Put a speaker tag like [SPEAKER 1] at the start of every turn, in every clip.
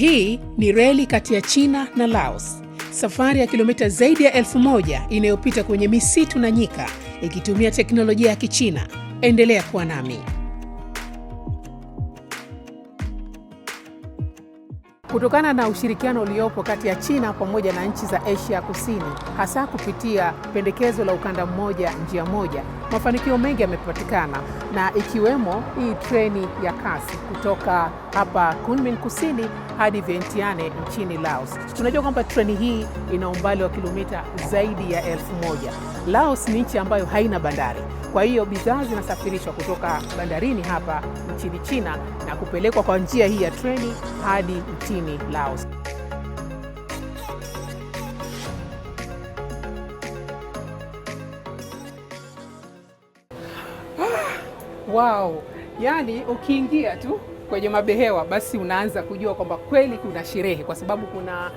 [SPEAKER 1] Hii ni reli kati ya China na Laos, safari ya kilomita zaidi ya elfu moja inayopita kwenye misitu na nyika ikitumia teknolojia ya Kichina. Endelea kuwa nami.
[SPEAKER 2] Kutokana na ushirikiano uliopo kati ya China pamoja na nchi za Asia ya Kusini, hasa kupitia pendekezo la ukanda mmoja njia moja, mafanikio mengi yamepatikana, na ikiwemo hii treni ya kasi kutoka hapa Kunming Kusini hadi Vientiane nchini Laos. Tunajua kwamba treni hii ina umbali wa kilomita zaidi ya elfu moja. Laos ni nchi ambayo haina bandari, kwa hiyo bidhaa zinasafirishwa kutoka bandarini hapa nchini China na kupelekwa kwa njia hii ya treni hadi nchini Laos. Ah, wow, yani ukiingia tu kwenye mabehewa, basi unaanza kujua kwamba kweli kuna sherehe, kwa sababu kuna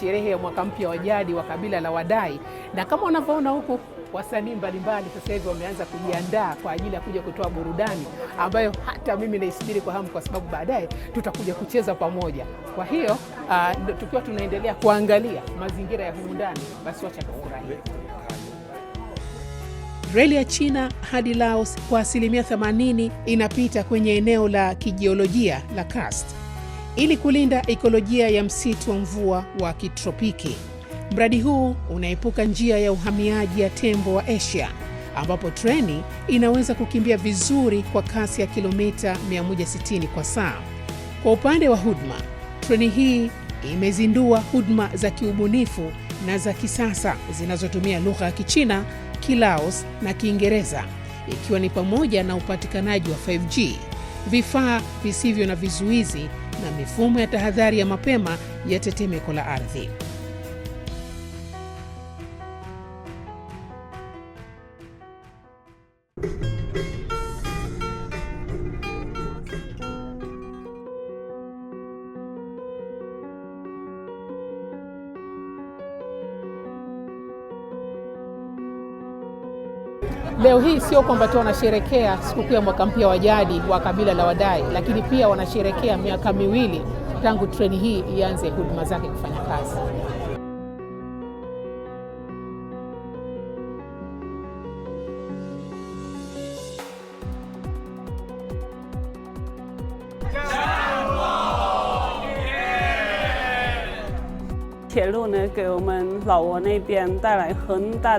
[SPEAKER 2] sherehe ya mwaka mpya wa jadi wa kabila la Wadai, na kama unavyoona huko wasanii mbalimbali sasa hivi wameanza kujiandaa kwa ajili ya kuja kutoa burudani ambayo hata mimi naisubiri kwa hamu, kwa sababu baadaye tutakuja kucheza pamoja. Kwa hiyo uh, tukiwa tunaendelea kuangalia mazingira ya humu ndani, basi wacha tufurahie.
[SPEAKER 1] Reli ya China hadi Laos kwa asilimia 80 inapita kwenye eneo la kijiolojia la karst ili kulinda ikolojia ya msitu wa mvua wa kitropiki. Mradi huu unaepuka njia ya uhamiaji ya tembo wa Asia ambapo treni inaweza kukimbia vizuri kwa kasi ya kilomita 160 kwa saa. Kwa upande wa huduma, treni hii imezindua huduma za kiubunifu na za kisasa zinazotumia lugha ya Kichina Kilaos na Kiingereza, ikiwa ni pamoja na upatikanaji wa 5G, vifaa visivyo na vizuizi na mifumo ya tahadhari ya mapema ya tetemeko la ardhi.
[SPEAKER 2] Leo hii sio kwamba tu wanasherekea sikukuu ya mwaka mpya wa jadi wa kabila la Wadai, lakini pia wanasherekea miaka miwili tangu treni hii ianze huduma zake kufanya kazi.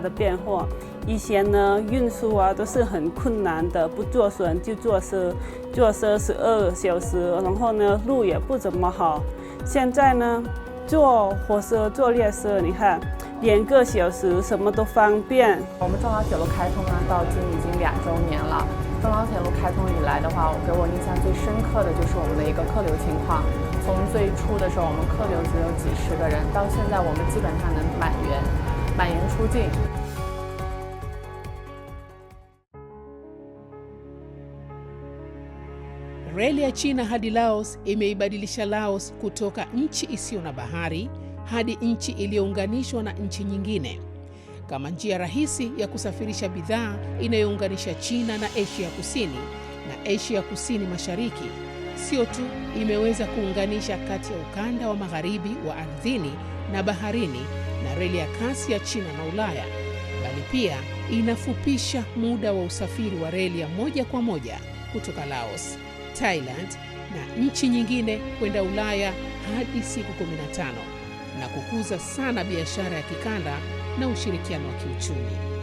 [SPEAKER 3] Leo, 一些呢运输啊都是很困难的，不坐船就坐车，坐车十二小时，然后呢路也不怎么好。现在呢坐火车坐列车，你看两个小时什么都方便。
[SPEAKER 4] 我们中老铁路开通啊到今已经两周年了。中老铁路开通以来的话，我给我印象最深刻的就是我们的一个客流情况。从最初的时候我们客流只有几十个人，到现在我们基本上能满员，满员出境。
[SPEAKER 1] Reli ya China hadi Laos imeibadilisha Laos kutoka nchi isiyo na bahari hadi nchi iliyounganishwa na nchi nyingine kama njia rahisi ya kusafirisha bidhaa inayounganisha China na Asia Kusini na Asia Kusini Mashariki. Sio tu imeweza kuunganisha kati ya ukanda wa magharibi wa ardhini na baharini na reli ya kasi ya China na Ulaya, bali pia inafupisha muda wa usafiri wa reli ya moja kwa moja kutoka Laos Thailand na nchi nyingine kwenda Ulaya hadi siku 15 na kukuza sana biashara ya kikanda na ushirikiano wa kiuchumi.